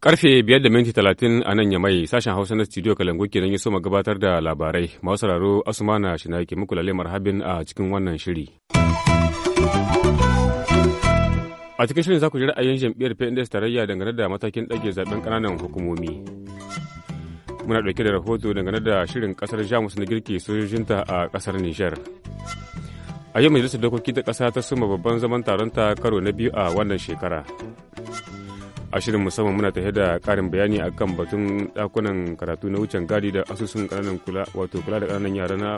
Karfe biyar da minti talatin a nan ya mai sashen Hausa na studio Kalangu kenan ya so gabatar da labarai. Masu sauraro Asumana Shina ke muku lalle marhabin a cikin wannan shiri. A cikin shirin za ku ji ra'ayin jam'iyyar PNDS tarayya dangane da matakin ɗage zaben ƙananan hukumomi. muna ɗauke da rahoto dangane da shirin kasar jamus na girke sojojinta a ƙasar nijar a yau majalisar dokoki ta kasa ta suma babban zaman taronta karo na biyu a wannan shekara a shirin musamman muna tafiya da ƙarin bayani akan batun ɗakunan karatu na wucin gadi da asusun ƙananan kula wato kula da ƙananan yara na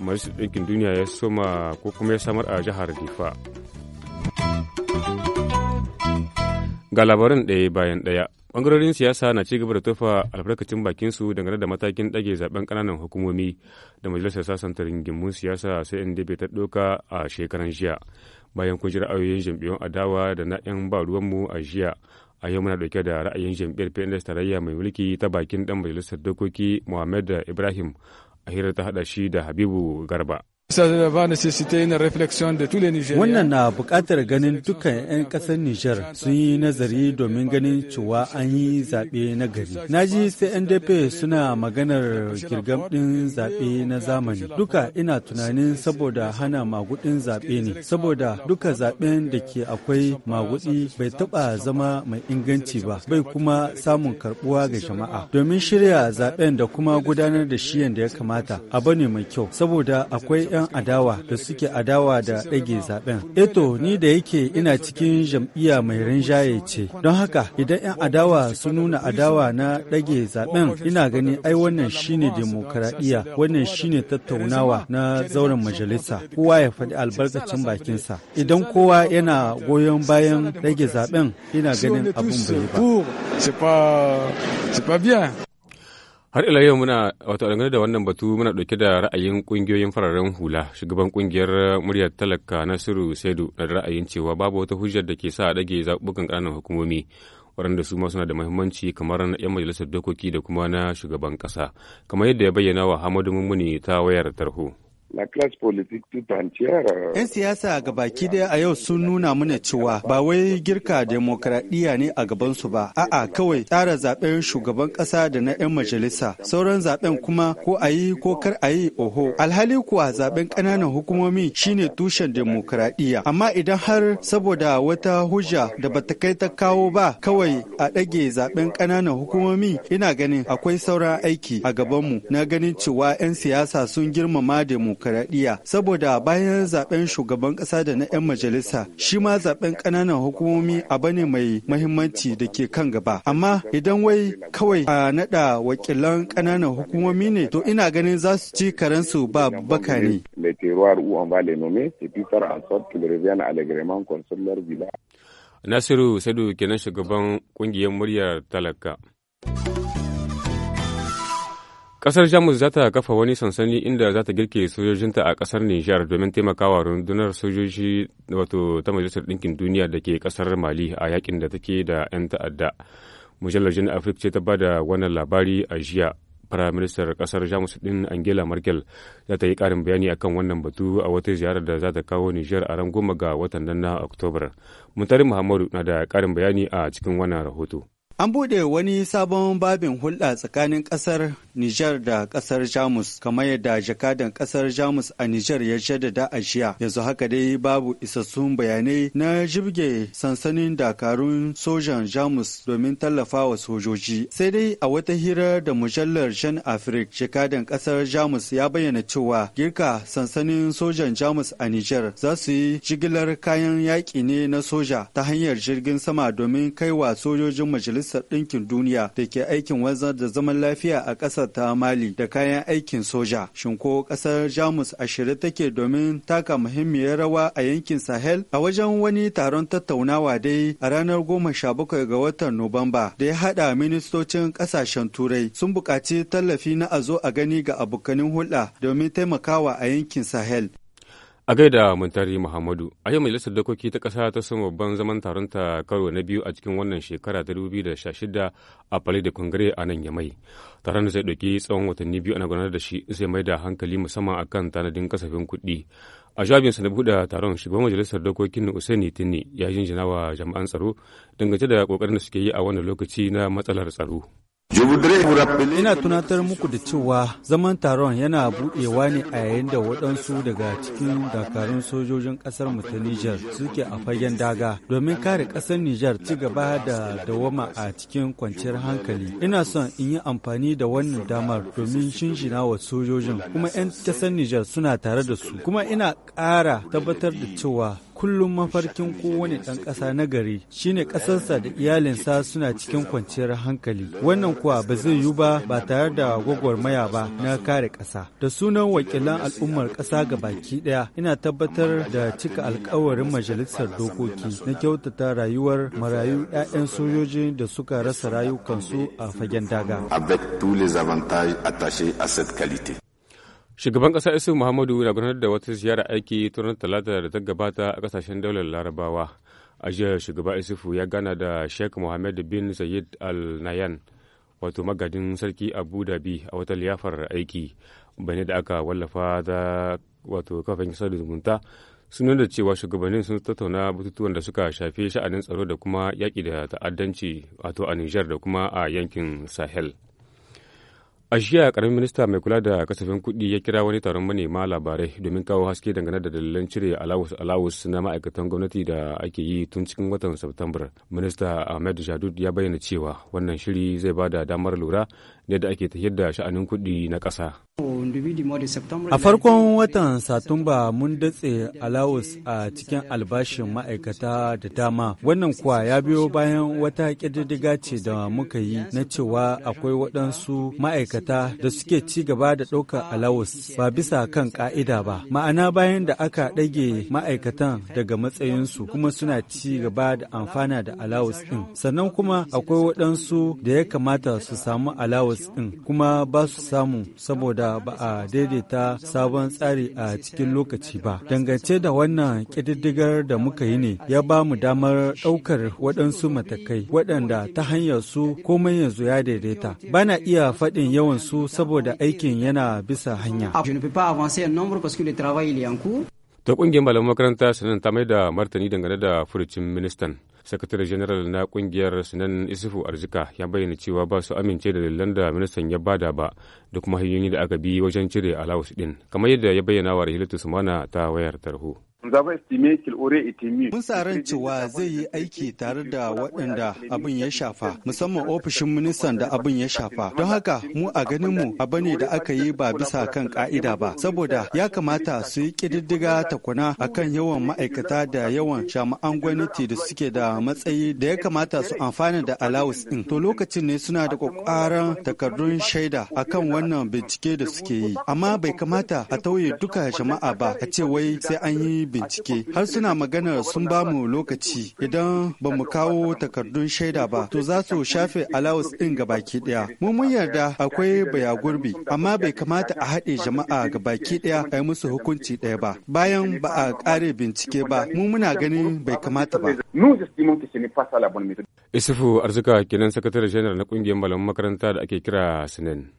majalisar ɗinkin duniya ya soma ko kuma ya samar a jihar difa ga labarin ɗaya bayan ɗaya bangarorin siyasa na ci gaba da tofa albarkacin su dangane da matakin ɗage zaben kananan hukumomi da majalisar sasanta rigimun siyasa sai in ndb ta ɗauka a shekaran jiya bayan kun ji ra'ayoyin jam'iyyun adawa da na 'yan ba ruwanmu a jiya a yau muna dauke da ra'ayin jam'iyyar pns tarayya mai mulki ta bakin dan majalisar dokoki muhammad ibrahim a hirar ta hada shi da habibu garba Wannan na buƙatar ganin dukkan 'yan ƙasar Nijar sun yi nazari domin ganin cewa an yi zaɓe na gari. Na ji sai NDP suna maganar girgam ɗin zaɓe na zamani. Duka ina tunanin saboda hana magudin zaɓe ne, saboda duka zaɓen da ke akwai magudi bai taɓa zama mai inganci ba, bai kuma samun karɓuwa ga jama'a. Domin shirya zaɓen da kuma gudanar da shi yadda ya kamata, abu ne mai kyau, saboda akwai 'yan 'yan adawa da suke adawa da ɗage zaben. Eto eh ni da yake ina cikin jam'iyya mai rinjaye ce. Don haka idan 'yan adawa su nuna adawa na ɗage zaben ina gani ai wannan shine demokaradiyya wannan shine tattaunawa na zauren majalisa. Kowa ya faɗi albarkacin bakinsa. Idan kowa yana goyon bayan ɗage zaben ina ganin abin bai ba. Har ila yau muna wato dangane da wannan batu muna dauke da ra'ayin kungiyoyin fararen hula shugaban kungiyar muryar talaka Nasiru Saidu na da ra'ayin cewa babu wata hujjar da ke sa a dage zaɓuɓɓukan ƙananan hukumomi waɗanda su ma suna da muhimmanci kamar na 'yan majalisar dokoki da kuma na shugaban ƙasa kamar yadda ya bayyana wa Hamadu Mummuni ta wayar tarho. la classe politique tout entière. 'Yan siyasa ga baki daya a yau sun nuna mana cewa ba wai girka demokradiyya ne a gabansu ba, a'a kawai tsara zaben shugaban kasa da na 'yan majalisa, sauran zaben kuma ko a yi ko kar a yi oho. Alhali kuwa zaben ƙananan hukumomi shine tushen demokradiyya. Amma idan har saboda wata hujja da ba ta kai ta kawo ba kawai a ɗage zaben ƙananan hukumomi ina ganin akwai sauran aiki a gabanmu na ganin cewa 'yan siyasa sun girmama demokradiyya. demokuraɗiyya saboda bayan zaben shugaban ƙasa da na 'yan majalisa shi ma zaben ƙananan hukumomi abu ne mai mahimmanci da ke kan gaba amma idan wai kawai a naɗa wakilan ƙananan hukumomi ne to ina ganin za su ci karensu ba baka ne. Nasiru Sadu kenan shugaban ƙungiyar muryar talaka. Kasar Jamus za ta kafa wani sansani inda za ta girke sojojinta a kasar Nijar domin taimakawa rundunar sojoji wato ta Majalisar Ɗinkin Duniya da ke kasar Mali a yakin da take da 'yan ta'adda. Mujallar Jin Afirka ce ta ba da wannan labari a jiya. Firaministar kasar Jamus ɗin Angela Merkel za ta yi karin bayani akan wannan batu a wata ziyarar da za ta kawo Nijar a ran goma ga watan nan na Oktobar. Muntari Muhammadu na da karin bayani a cikin wannan rahoto. An buɗe wani sabon babin hulɗa tsakanin ƙasar Nijar da ƙasar Jamus, kamar yadda jakadan ƙasar Jamus a Nijar ya jaddada a jiya. Yanzu haka dai babu isassun bayanai na jibge sansanin dakarun sojan Jamus domin tallafawa sojoji. Sai dai a wata hira da mujallar Jan Afrik, jakadan ƙasar Jamus ya bayyana cewa girka sansanin sojan Jamus a Nijar za su yi jigilar kayan yaƙi ne na soja ta hanyar jirgin sama domin kaiwa sojojin majalisar majalisar ɗinkin duniya da ke aikin wanzar da zaman lafiya a ƙasar ta mali da kayan aikin soja shin ko ƙasar jamus a take domin taka muhimmiyar rawa a yankin sahel a wajen wani taron tattaunawa dai a ranar goma sha bakwai ga watan nuwamba da ya haɗa ministocin ƙasashen turai sun buƙaci tallafi na a zo a gani ga abokanin hulɗa domin taimakawa a yankin sahel A gaida Muntari Muhammadu, a yau Majalisar Dokoki ta kasa ta san babban zaman taron ta karo na biyu a cikin wannan shekara ta 2016 a Fali da Kongare a nan ya mai Taron da zai ɗauki tsawon watanni biyu ana gudanar da shi zai mai da hankali musamman a kan tanadin kasafin kuɗi. A jawabinsa na buɗe taron shugaban Majalisar Dokokin Usaini Tini ya jinjina wa jama'an tsaro dangance da ƙoƙarin da suke yi a wannan lokaci na matsalar tsaro. Ina tunatar muku da cewa zaman taron yana buɗewa ne a yayin da waɗansu daga cikin dakarun sojojin ƙasar ta Nijar suke a fagen daga domin kare ƙasar Nijar ci gaba da dawama a cikin kwanciyar hankali. Ina son in yi amfani da wannan damar domin shinshinawa wa sojojin kuma 'yan ƙasar Nijar suna tare da su kuma ina ƙara tabbatar da cewa kullum mafarkin kowane ɗan ƙasa na gari shine ƙasarsa da iyalinsa suna cikin kwanciyar hankali. Wannan kuwa ba zai yiwu ba ba tare da gwagwar maya ba na kare ƙasa. Da sunan wakilan al'ummar ƙasa ga baki ɗaya ina tabbatar da cika alkawarin majalisar dokoki na kyautata rayuwar marayu 'ya'yan sojoji da suka rasa rayukansu a fagen daga. a tashe Shugaban ƙasa Isu Muhammadu na gudanar da wata ziyara aiki turan talata da ta gabata a kasashen daular Larabawa. A jiya shugaba Isufu ya gana da Sheikh Mohammed bin Zayed Al Nayan, wato magadin sarki Abu Dhabi a wata liyafar aiki. Bane da aka wallafa da wato kafin sada zumunta sun nuna cewa shugabannin sun tattauna batutuwan da suka shafi sha'anin tsaro da kuma yaƙi da ta'addanci wato a Nijar da kuma a yankin Sahel. A jiya karamin minista mai kula da kasafin kuɗi ya kira wani taron manema labarai domin kawo haske dangane da dalilan cire alawus alawus na ma'aikatan gwamnati da ake yi tun cikin watan Satumbar. Minista Ahmed Jadud ya bayyana cewa wannan shiri zai ba da damar lura yadda ake tafiyar da sha'anin kuɗi na ƙasa. A farkon watan Satumba mun datse alawus a cikin albashin ma'aikata da dama. Wannan kuwa ya biyo bayan wata ƙididdiga ce da muka yi na cewa akwai waɗansu ma'aikata da suke ci gaba da ɗaukar alawus ba bisa kan ƙa'ida ba. Ma'ana bayan da aka ɗage ma'aikatan daga matsayinsu kuma suna ci gaba da amfana da alawus ɗin. Sannan kuma akwai waɗansu da ya kamata su samu alawus kes ɗin kuma ba su samu saboda ba a daidaita sabon tsari a cikin lokaci ba. Dangance da wannan ƙididdigar da muka yi ne ya ba mu damar ɗaukar waɗansu matakai waɗanda ta hanyar su komai yanzu ya daidaita. Bana iya faɗin yawan su saboda aikin yana bisa hanya. Ah, ta ƙungiyar malaman makaranta sanin ta mai da martani dangane da furucin ministan sakatare general na kungiyar sinan isufu arzika ya bayyana cewa ba su amince da dalilan da ministan ya bada ba da kuma hanyoyi da aka bi wajen cire alawus din kamar yadda ya bayyana wa rahilatu sumana ta wayar tarho Mun sa ran cewa zai yi aiki tare da waɗanda abin ya shafa, musamman ofishin ministan da abin ya shafa. Don haka mu a ganinmu mu abu ne da aka yi ba bisa kan ka'ida ba, saboda ya kamata su yi ƙididdiga takuna akan yawan ma'aikata da yawan jami'an gwamnati da suke da matsayi da ya kamata su amfana da alawus ɗin. To lokacin ne suna da ƙwaƙwaran takardun shaida a kan wannan bincike da suke yi. Amma bai kamata a tauye duka jama'a ba, a ce wai sai an yi bincike har suna magana sun ba mu lokaci idan ba mu kawo takardun shaida ba to za su shafe allowance din gabaki daya mu mun yarda akwai baya gurbi amma bai kamata a haɗe jama'a ga baki daya a yi musu hukunci daya ba bayan ba a ƙare bincike ba mu muna ganin bai kamata ba isufu arzika kenan sakatare janar na kungiyar malaman makaranta da ake kira sinin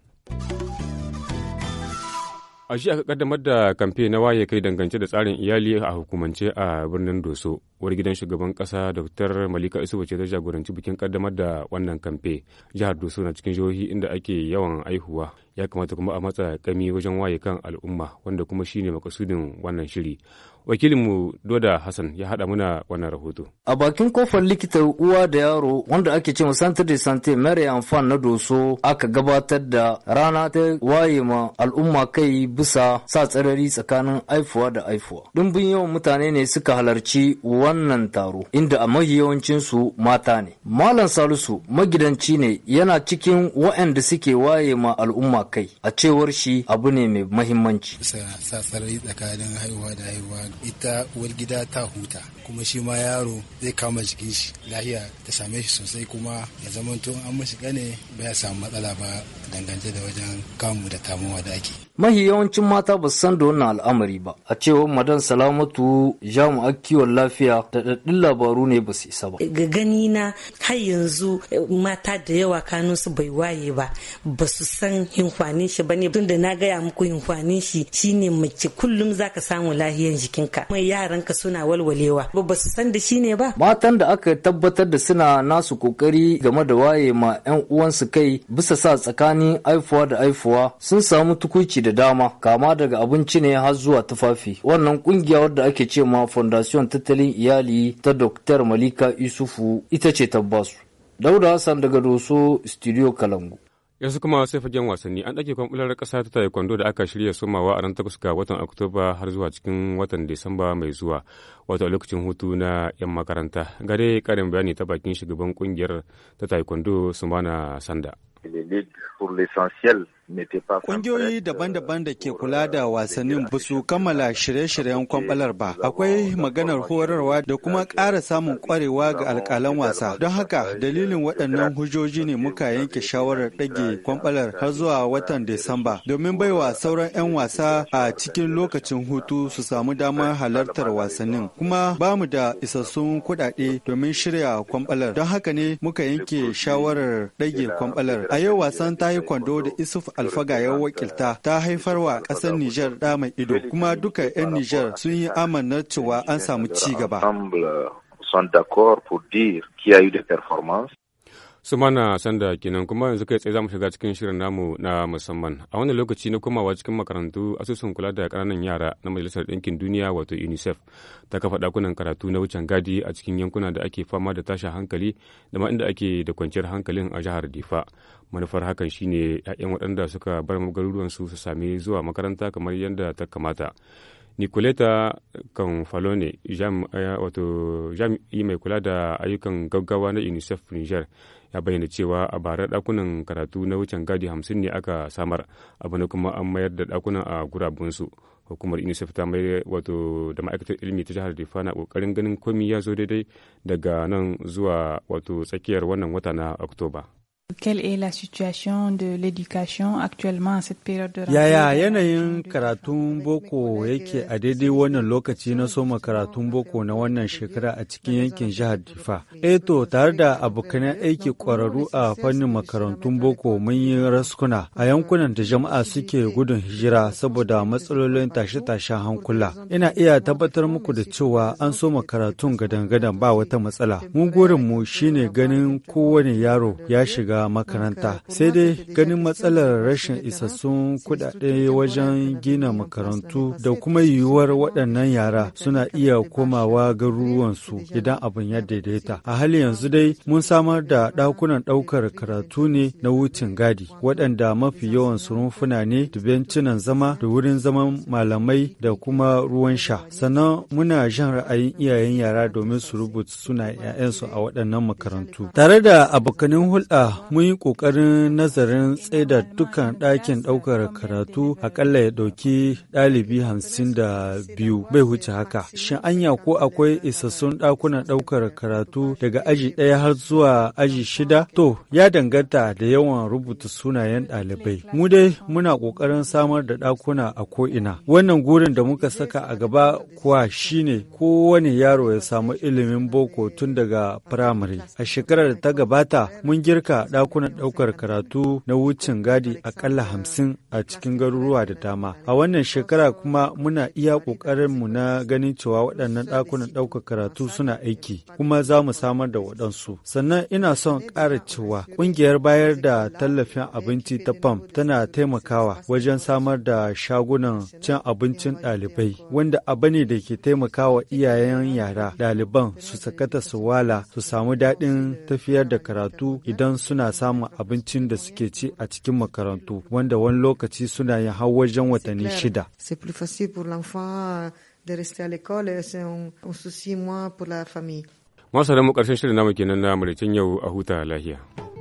A shi aka kaddamar da kamfe na waye kai dangance da tsarin iyali a hukumance a birnin Doso. wani gidan shugaban kasa dr malika isubu ce ta jagoranci bikin kaddamar da wannan kamfe jihar doso na cikin jihohi inda ake yawan aihuwa ya kamata kuma a matsa kami wajen waye kan al'umma wanda kuma shine makasudin wannan shiri wakilinmu doda hassan ya hada muna wannan rahoto a bakin kofar likita uwa da yaro wanda ake ce santa de sante mary amfan na doso aka gabatar da rana ta waye ma al'umma kai bisa sa tsarari tsakanin aifuwa da aifuwa dimbin yawan mutane ne suka halarci wannan taro inda a yawancinsu mata ne. Malam Salisu magidanci ne yana cikin wa'anda suke waye ma al'umma kai a cewar shi abu ne mai mahimmanci. Sasarari tsakanin haihuwa da haihuwa ita uwar ta huta kuma shi ma yaro zai kama jikin shi lahiya ta same shi sosai kuma ya tun an mashi gane ba samu matsala ba dangance da wajen kamu da tamuwa da ake. Mahi yawancin mata ba san da wannan al'amari ba, a cewar madan salamatu jami'ar kiwon lafiya daɗaɗɗun labaru ne ba su isa ba. Ga gani na har yanzu eh, mata da yawa kanun su bai waye ba ba su san hinkwanin shi ba ne tun da na gaya muku hinkwanin shi shine mace kullum zaka samu lahiyan jikinka kuma yaranka suna walwalewa ba ba su san da shi ne ba. Matan da aka tabbatar da suna nasu kokari game da waye ma 'yan uwansu kai bisa sa tsakanin aifuwa da aifuwa sun samu tukuci da dama kama daga abinci ne har zuwa tufafi wannan kungiya wadda ake ce ma fondation tattalin iyali iyali ta Dr. Malika Isufu ita ce tabbasu. Dauda Hassan daga Doso, Studio Kalangu. yanzu kuma sai fagen wasanni an ɗage kwamfular ƙasa ta taekwondo da aka shirya somawa a ran takwas ga watan oktoba har zuwa cikin watan disamba mai zuwa wato lokacin hutu na 'yan makaranta gare karin bayani ta bakin shugaban ƙungiyar ta taekwondo sumana sanda Ƙungiyoyi daban-daban da ke kula da wasannin ba su kammala shirye-shiryen kwambalar ba. Akwai maganar horarwa da kuma ƙara samun ƙwarewa ga alƙalan wasa. Don haka dalilin waɗannan hujjoji ne muka yanke shawarar ɗage kwambalar har zuwa watan Disamba domin baiwa sauran 'yan wasa a cikin lokacin hutu su samu damar halartar wasannin. Kuma ba mu da isassun kuɗaɗe domin shirya kwambalar. Don haka ne muka yanke shawarar ɗage kwambalar. A yau wasan ta yi kwando da Isuf alfaga ya wakilta ta haifar wa ƙasar Nijar ɗa mai ido kuma duka 'yan Nijar sun yi amanar cewa an samu ci gaba. sont d'accord pour dire qu'il y a eu des performances. su mana sanda kenan kuma yanzu kai tsaye za mu shiga cikin shirin namu na musamman a wani lokaci na komawa cikin makarantu asusun kula da ƙananan yara na majalisar ɗinkin duniya wato unicef ta kafa ɗakunan karatu na wucin gadi a cikin yankuna da ake fama da tashin hankali da ma inda ake da kwanciyar hankalin a jihar difa manufar hakan shine 'ya'yan waɗanda suka bar garuruwan su sami zuwa makaranta kamar yadda ta kamata nicoleta kan falone jami'i eh, mai kula da ayyukan gaggawa na unicef niger ya bayyana cewa a bara dakunan karatu na wucin gadi hamsin ne aka samar abu na kuma an mayar da dakunan a gurabunsu hukumar unicef ta mai wato da ma'aikatar ilimi ta jihar difa na kokarin ganin komi ya zo daidai daga nan zuwa wato tsakiyar wannan wata na oktoba Quelle est la situation de l'éducation actuellement à cette période de Yaya yanayin karatun boko yake a daidai wannan lokaci na soma karatun boko na wannan shekara a cikin yankin jihar Difa. Eto eh tare da abokan aiki kwararru a fannin makarantun boko mun yi raskuna a yankunan da jama'a suke gudun hijira saboda matsalolin tashe-tashen hankula. Ina iya tabbatar muku da cewa an soma karatun gadan-gadan ba wata matsala. Mu mu shine ganin kowane yaro ya shiga makaranta. Sai dai ganin matsalar rashin isassun kudade wajen gina makarantu da kuma yiwuwar waɗannan yara suna iya komawa garuruwansu idan abin ya daidaita. A hali yanzu dai mun samar da ɗakunan ɗaukar karatu ne na wucin gadi waɗanda mafi yawan rumfuna ne da bencinan zama da wurin zaman malamai da kuma ruwan sha. Sannan muna jan ra'ayin iyayen yara domin su rubuta suna 'ya'yansu a waɗannan makarantu. Tare da abokanin hulɗa mun yi ƙoƙarin nazarin tsaida dukkan ɗakin ɗaukar karatu aƙalla ya ɗauki ɗalibi hamsin da biyu bai wuce haka. Shin anya ko akwai isassun ɗakunan ɗaukar karatu daga aji ɗaya har zuwa aji shida? To, ya danganta da yawan rubuta sunayen ɗalibai. Mu dai muna ƙoƙarin samar da ɗakuna a ko'ina. Wannan gurin da muka saka a gaba kuwa shine kowane yaro ya samu ilimin boko tun daga firamare. A shekarar da ta gabata mun girka ɗakunan ɗaukar karatu na wucin gadi akalla hamsin a cikin garuruwa da dama. A wannan shekara kuma muna iya ƙoƙarinmu na ganin cewa waɗannan ɗakunan ɗaukar karatu suna aiki, kuma za mu samar da waɗansu. Sannan ina son ƙara cewa ƙungiyar bayar da tallafin abinci ta fam tana taimakawa wajen samar da shagunan cin abincin ɗalibai, wanda abu ne da ke taimakawa iyayen yara ɗaliban su sakata su wala su samu daɗin tafiyar da karatu idan suna suna samun abincin da suke ci a cikin makarantu wanda wani lokaci suna yin har wajen watanni shida. Euh, euh, Masu da mu ƙarshen shirin namu kenan na muritin yau a huta lahiya.